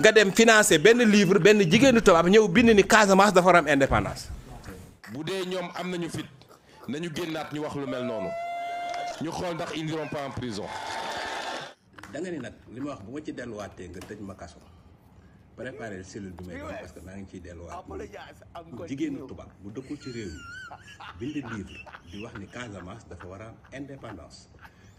nga dem financer benn livre benn jigéenu tubaab ñëw bind ni Casamance dafa war indépendance. bu dee ñoom am nañu fit nañu génnaat ñu wax lu mel noonu ñu xool ndax ils n'iront pas en prison. nag li ma wax bu ma ci delluwaatee nga tëj ma kaso préparer cellule bi may doon maa ngi ciy delluwaat pour jigéenu tubaab bu dëkkul ci réew mi bind livre wax ni Casamance dafa war a am indépendance.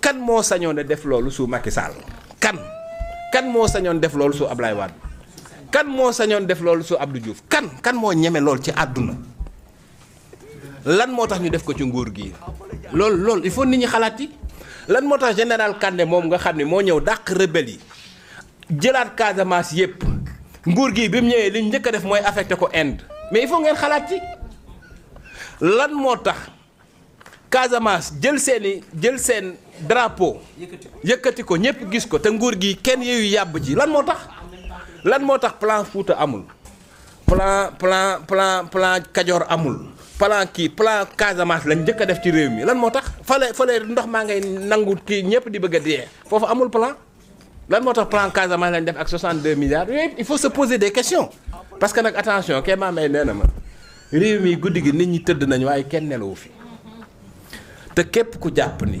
kan moo sañoon a def loolu su Macky Sall kan kan moo sañoon def loolu su Ablaye Wade kan moo sañoon def loolu su Abdou Diouf kan kan moo ñeme lool ci àdduna lan moo tax ñu def ko ci nguur gi loolu loolu il faut nit ñi xalaat yi lan moo tax général Kandé moom nga xam ne moo ñëw dàq rebelle yi jëlaat Casamance yépp nguur gi bi mu ñëwee li ñu njëkk a def mooy affecté ko Inde mais il faut ngeen xalaat ci lan moo tax Casamance jël seeni jël seen drapeau yëkkati ko ñëpp gis ko te nguur gi kenn yeeyu yàbb ji lan moo tax lan moo tax plan Fouta amul plan plan plan plan Kajoor amul plan kii plan Casamance lañ njëkk def ci réew mi lan moo tax fale fale ndox maa ngay nangu kii ñëpp di bëgg a dee foofu amul plan lan moo tax plan Casamance lañ def ak 62 milliards yooyu il faut se poser de questions parce que nag attention kee maa may nee na ma réew mi guddi gi nit ñi tëdd nañu waaye kenn nelawu fii te képp ku jàpp ni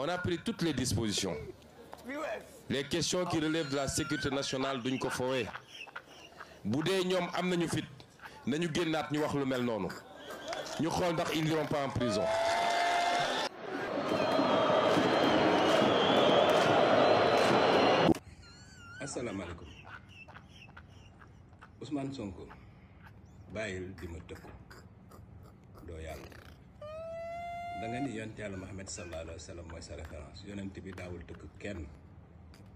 On a pris toutes les dispositions. Les questions qui relèvent de la sécurité nationale d'une ko Boudé bu dee ñoom nous nañu fit nañu génnaat ñu wax lu mel ñu ils n'iront pas en prison. Assalamu alaikum, Ousmane Sonko bail di ma da nga ni yonent yalla Muhammad sallallahu Alaihi Wasallam moy sa référence yonent bi daawul tekk kenn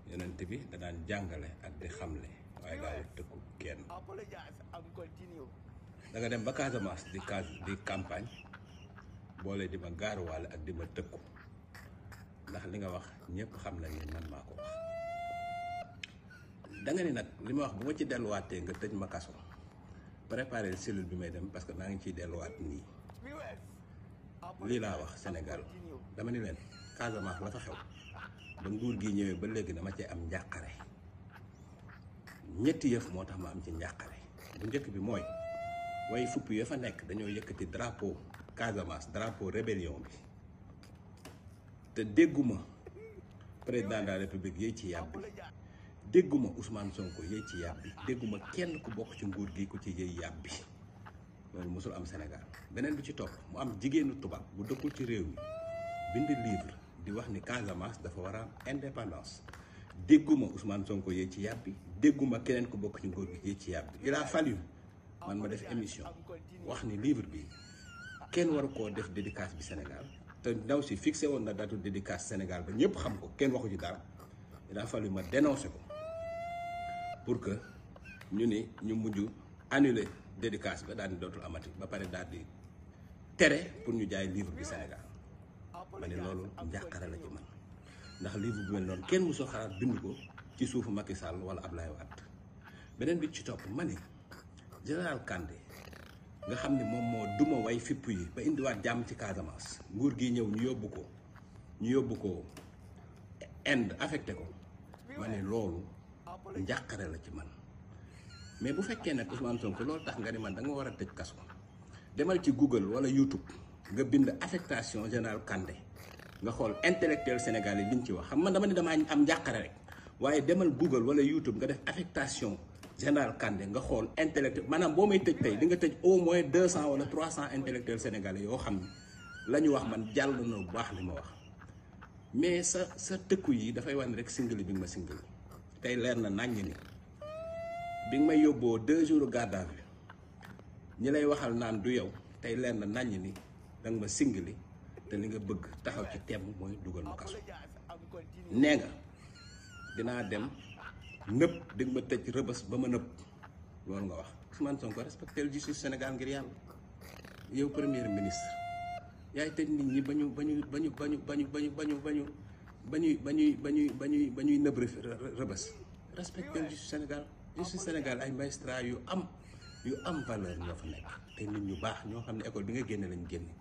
yonent bi da daan jangale ak di xamle waaye daawul tekk kenn da nga dem ba Casamance di cas di campagne bolé di ma wal ak di ma tekk ndax li nga wax ñepp xam nañ ni man mako wax da nga ni nak li wax bu ma ci waté nga tejj ma kasso préparer cellule bi may dem parce que nga ci delu wat ni lii laa wax Sénégal dama ni leen Casamance la fa xew ba nguur gi ñëwee ba léegi dama cee am njàqare ñetti yëf moo tax ma am ci njàqare bu njëkk bi mooy waaye fupp ya fa nekk dañoo yëkkati drapeau Casamance drapeau rébellion bi te dégguma président de la république yéy ci yàbbi dégguma Ousmane Sonko yéy ci yàbbi dégguma kenn ku bokk ci nguur gi ku ci yéy yàbbi loolu musul am Senegal. benen bu ci top mu am jigéenu tuba bu dekkul ci réew mi bind livre di wax ni Casamance dafa wara indépendance degguma Ousmane Sonko ye ci yabbi degguma kenen ko bokk ci ngor bi ye ci yabbi il fallu man ma def émission wax ni livre bi Ken war ko def dédicace bi Sénégal te ndaw si fixé won na datu dédicace Sénégal ba ñepp xam ko kenn waxu ci dara il a fallu ma dénoncer ko pour que ñu ni ñu muju annuler dédicace ba daal di dootul amati ba pare daal di tere pour ñu jaay livre bi Sénégal ma ne loolu njàqare la ci man ndax livre bu mel kenn mosoo xalaat bind ko ci suufu Macky Sall wala lay waat beneen bi ci topp ma ne général Kandé nga xam ne moom moo duma way fipp yi ba indiwaat jàmm ci Casamance nguur gi ñëw ñu yóbbu ko ñu yóbbu ko Inde affecté ko ma ne loolu njàqare la ci man. mais bu fekkee nak Ousmane Sonko lol tax nga ni man da nga wara tej kasso demal ci Google wala YouTube nga bind affectation générale Kandé nga xol intellectuel sénégalais liñ ci wax xam man dama ni dama am njàqare rek waye demal Google wala YouTube nga def affectation général Kandé nga xol intellectuel manam bo may tej tay li nga tej au moins 200 wala 300 intellectuel sénégalais yo xam lañu wax man jall na bu baax li ma wax mais sa sa tekkuy da fay wane rek single bi ma single tay lerr na nañ ni bi nga may yóbboo deux jours gàddaan bi ñi lay waxal naan du yow tey lenn naññ ni danga ma singili te li nga bëgg taxaw ci temm mooy dugal ma kaso nee nga dinaa dem nëpp di nga ma tëj rëbës ba ma nëpp loolu nga wax Ousmane Sonko ko respecte justice Sénégal ngir yàlla yow premier ministre yaay tëj nit ñi ba ñu ba ñu ba ñu ba ñu ba ñu ba ñu ba ñu ba ñu ba ñuy ba ñuy ba ñuy ba ñuy ba ñuy nëbb rëbës respecté le justice Sénégal ci Sénégal ay magistrats yu am yu am valeur ñoo fa nekk te nit ñu baax ñoo xam ne école bi nga génne lañu génne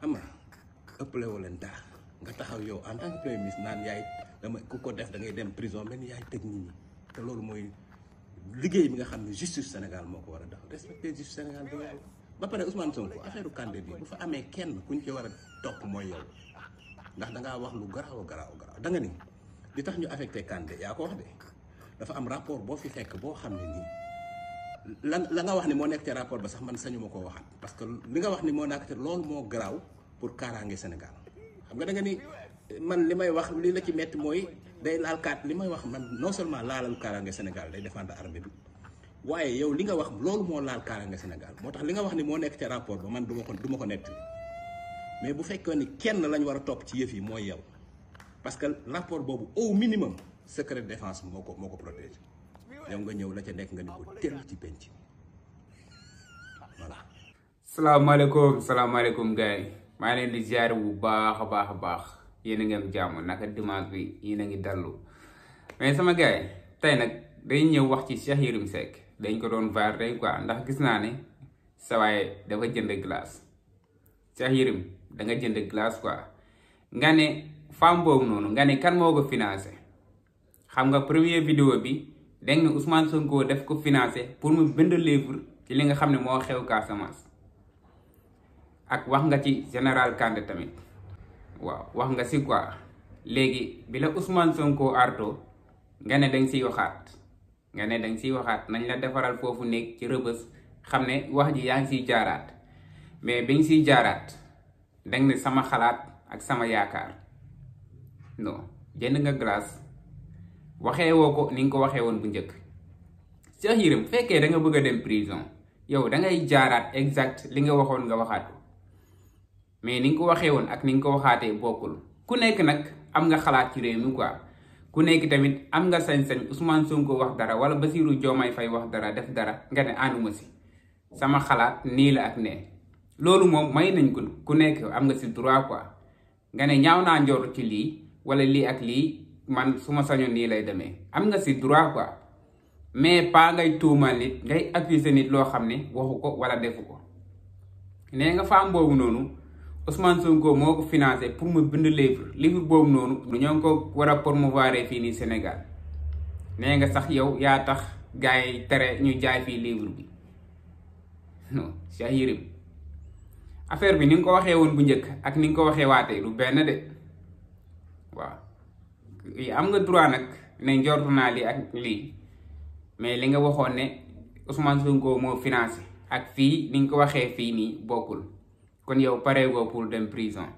xam nga ëppale woo leen dara nga taxaw yow en tant que premier ministre naan yaay dama ku ko def da ngay dem prison mel yaay tëj nit ñi te loolu mooy liggéey bi nga xam ne justice Sénégal moo ko war a def respecté justice Sénégal bi yàlla ba pare Ousmane Sonko affaire Kandé bi bu fa amee kenn kuñ ci war a topp mooy yow ndax da dangaa wax lu garaaw garaaw garaaw da nga ni li tax ñu affecté Kandé yaa ko wax de dafa am rapport bo fi fekk bo xam ni la nga wax ni mo nek ci rapport ba sax man sañu mako waxat parce que li nga wax ni mo nak te loolu moo pour karangé Sénégal xam nga da nga ni man limay wax li la ci metti moy day laal kaat limay wax man non seulement laalal karangé Sénégal day défendre armée bi waye yow li nga wax lool mo laal karangé Sénégal motax li nga wax ni mo nek ci rapport ba man duma ko duma ko nett mais bu fekkone kenn lañ wara top ci yef yi moy yow parce que rapport bobu au minimum secret défense moo ko moo nga ñëw la ca nekk nga ni ko ci penc voilà. salaamaaleykum salaamaaleykum gars yi maa leen di ziare bu baax a baax a baax yéen a ngi am jàmm naka dimanche bi yéen a ngi dallu mais sama gars yi tey nag day ñëw wax ci Cheikh Yérim Seck dañ ko doon vaar tey quoi ndax gis naa ne sa waaye dafa jënd glace Cheikh Yérim da nga jënd glace quoi nga ne femme boobu noonu nga ne kan moo ko financé. xam nga premier vidéo bi dañ ne Ousmane Sonko def ko financé pour mu bind livre ci li nga xam ne moo xew Casamance ak wax nga ci général Kandé tamit waaw wax nga si quoi léegi bila la Ousmane Sonko arto nga ne dañ siy waxaat nga ne dañ siy waxaat nañ la defaral foofu nekk ci rëbës xam ne wax ji yaa ngi siy jaaraat mais biñ siy jaaraat dañ ne sama xalaat ak sama yaakaar non jënd nga glace. waxee woo ko ni nga ko waxee woon bu njëkk Cheikh Yérim fekkee danga nga bëgg a dem prison yow da ngay jaaraat exact li nga waxoon nga waxaat mais ni ko waxee woon ak ni nga ko waxaatee bokkul ku nekk nag am nga xalaat ci réew mi ku nekk tamit am nga sañ-sañ Ousmane ko wax dara wala Basirou Diomaye fay wax dara def dara nga ne ànduma si sama xalaat nii la ak ne loolu moom may nañ ko ku nekk am nga si droit quoi nga ne ñaaw naa njort ci lii wala lii ak lii. man suma sañu sañoon nii lay demee am nga si droit quoi mais pas ngay tuumal nit ngay accuser nit loo xam ne waxu ko wala defu ko nee nga femme boobu noonu Ousmane Sonko moo ko pour mu bind livre livre boobu noonu ñoo ngi ko war a promouvoir fii nii Sénégal nee nga sax yow yaa tax gars yi tere ñu jaay fii livre bi non Cheikh affaire bi ni ko waxee woon bu njëkk ak ni nga ko waxee waatee lu benn de waaw fii am nga droit nag ne njortu naa lii ak lii mais li nga waxoon ne Ousmane Sonko moo financé ak fii ni nga ko waxee fii nii bokkul kon yow pare goo pour dem prison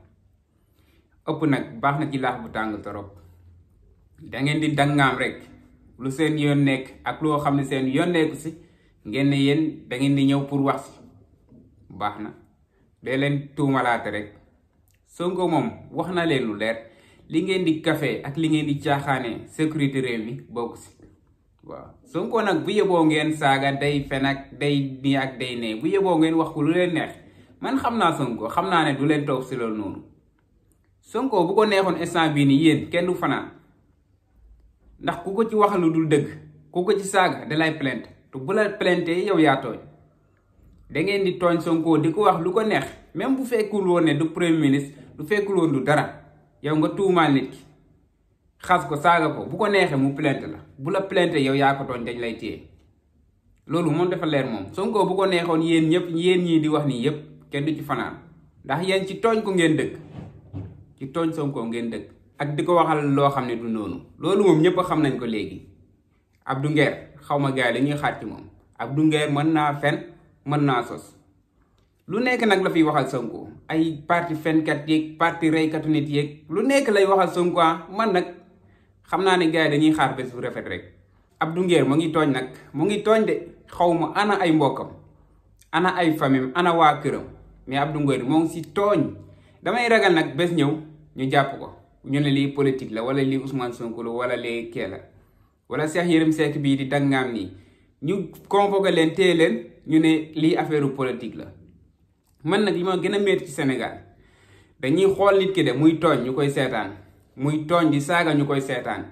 ëpp nag baax na ci laax bu tàng torop da ngeen di dangaam rek lu seen yoon nekk ak loo xam ne seen yoon nekku si ngeen ne yéen da ngeen di ñëw pour wax si baax na dee leen tuumalaate rek Sonko moom wax na leen lu leer. li ngeen di café ak li ngeen di jaaxaane sécurité réew mi bokk si waaw Sonko nag bu yeboo ngeen saaga day fen ak day nii ak day nee bu yeboo ngeen wax ku lu leen neex man xam naa Sonko xam naa ne du leen toog si loolu noonu Sonko bu ko neexoon instant bii nii yéen kenn du fanaan ndax ku ko ci wax lu dul dëgg ku ko ci saaga da lay plainte te bu la plaintee yow yaa tooñ da ngeen di tooñ Sonko di ko wax lu ko neex même bu fekkul woon ne du premier ministre du du dara. yow nga tuumaal nit ki xas ko saaga ko bu ko neexee mu plainte la bu la plainte yow yaa ko tooñ dañ lay téye loolu moom dafa leer moom Sonko bu ko neexoon yéen ñëpp yéen ñii di wax nii yëpp kenn du ci fanaan ndax yéen ci tooñ ko ngeen dëkk ci tooñ Sonko ngeen dëkk ak di ko waxal loo xam ne du noonu loolu moom ñëpp xam nañ ko léegi Abdou Nguer xaw ma gars yi la ñuy xaat ci moom Abdou Nguer mën naa fen mën naa sos lu nekk nag la fiy waxal Sonko ay parti fenkat yeeg parti reykatu nit yeeg lu nekk lay waxal Sonko ah. man nag xam naa ne gars yi dañuy xaar bés bu rafet rek Abdou Nguer mu ngi tooñ nag mu ngi tooñ de xaw ma ana ay mbokkam ana ay famim ana waa këram mais Abdou Nguer mu ngi si tooñ damay ragal nag bés ñëw ñu jàpp ko ñu ne lii politique la wala lii Ousmane Sonko la wala lee kee la wala Cheikh Yérim Seck bii di dangaam nii ñu convoqué leen téye leen ñu ne lii affaire politique la. man nag li ma gën a métti ci senegal dañuy xool nit ki de muy tooñ ñu koy seetaan muy tooñ di saaga ñu koy seetaan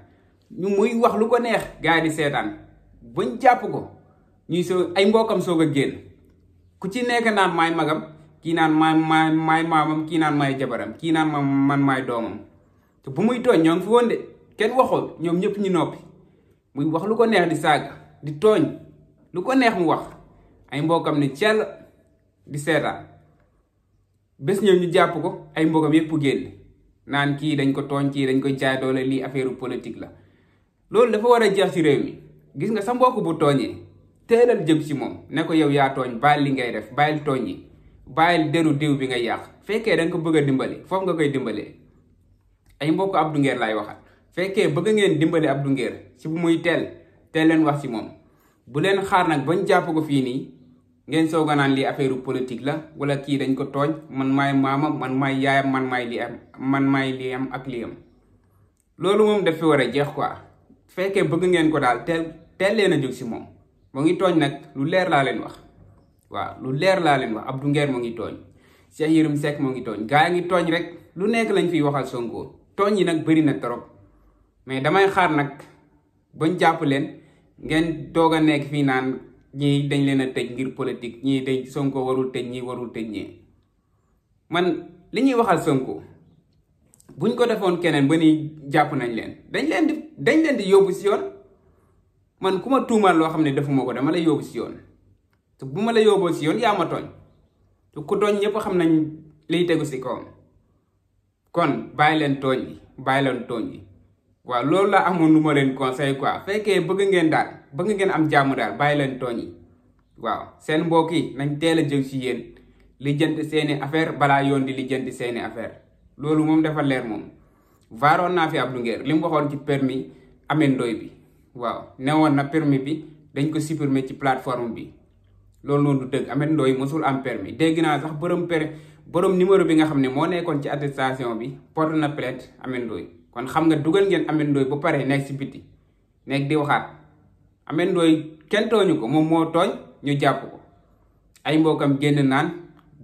muy wax lu ko neex gaa yi di seetaan bañ jàpp ko ñuy soog ay mbokkam soog a génn ku ci nekk naan maay magam kii naan maay maay maay kii naan maay jabaram kii naan ma man maay doomam te bu muy tooñ ñoo fi woon de kenn waxul ñoom ñëpp ñi noppi muy wax lu ko neex di saaga di tooñ lu ko neex mu wax ay mbokkam ni cell di seetaan bes ñew ñu japp ko ay mbogam yépp génn naan ki dañ ko ton kii dañ ko jaay doole li affaireu politique la loolu dafa wara a jeex ci réew mi gis nga sa mbokk bu tooñee teelal jëm ci moom ne ko yow yaa tooñ bàyyil li ngay def bàyyil tooñ yi bàyyil deru diw bi nga yàq fekkee da nga ko bëgg a dimbali foofu nga koy dimbalee ay mbokk Abdou Nguer laay waxat fekkee bëgg ngeen dimbali Abdou Nguer ci bu muy teel teel leen wax ci moom bu leen xaar nag bañ jàpp ko fii nii ngeen soog a naan lii affaire politique la wala kii dañ ko tooñ man maay maamam man maay yaayam man maay lii am man maay lii am ak lii am loolu moom daf fi war a jeex ko fekkee bëgg ngeen ko daal teel teel leen a jóg si moom mu ngi tooñ nag lu leer laa leen wax waaw lu leer laa leen wax Abdou Nguer mu ngi tooñ Cheikh Yérim Seck mu ngi tooñ gaa ngi tooñ rek lu nekk lañ fiy waxal Sonko tooñ yi nag bëri na trop mais damay xaar nag bañ jàpp leen ngeen doog nekk fii naan. ñii dañ leen a tëj ngir politique ñii dañ Sonko warul tëj ñii warul tëj ñii man li ñuy waxal Sonko buñ ko defoon keneen ba ni jàpp nañ leen dañ leen di dañ leen di yóbbu si yoon man ku ma tuumaal loo xam ne defuma ko dama lay yóbbu si yoon te bu ma la yóbboo si yoon yaa ma tooñ te ku dooñ ñëpp xam nañ liy tegu si kawam kon baay leen tooñ bi bàyyi leen tooñ yi waaw loolu laa amoon lu ma leen conseil quoi fekkee bëgg ngeen daal bëgg ngeen am jàmm daal bàyyi leen tooñ yi waaw seen mbokk yi nañ teel a ci si li jënd seeni affaire balaa yoon di lijjanti seeni affaire loolu moom dafa leer moom vaaroon naa fi ab Nguer li mu waxoon ci permis Ameth Ndoye bi waaw newoon na permis bi dañ ko supprimer ci plateforme bi loolu noonu du dëgg Ameth Ndoye mosul am permis dégg naa sax bërëm per borom numéro bi nga xam ne moo nekkoon ci attestation bi porte na plainte Ameth Ndoye kon xam nga dugal ngeen Ameth Ndoye ba pare nekk si biti nekk di waxaat Ameth Ndoye kenn tooñu ko moom moo tooñ ñu jàpp ko ay mbokkam génn naan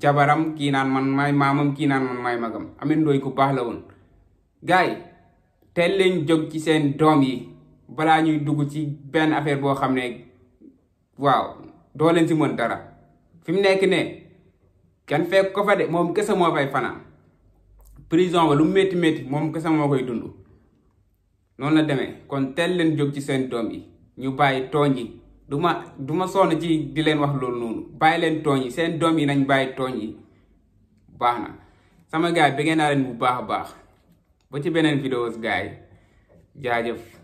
jabaram kii naan man maay maamam kii naan man maay magam Ameth Ndoye ku baax la woon gars yi teel leen jóg ci seen doom yi balaa ñuy dugg ci benn affaire boo xam ne waaw doo leen si mën dara fi mu nekk ne kenn fekk ko fa de moom kese moo fay fanaan prison ba lu metti métti moom kese moo koy dund noonu la demee kon teel leen jóg ci seen doom yi ñu bàyyi tooñ yi du ma du ma sonn ci di leen wax loolu noonu bàyyi leen tooñ yi seen doom yi nañ bàyyi tooñ yi baax na sama gars yi bëggee naa leen bu baax a baax ba ci beneen vidéos gars yi jaajëf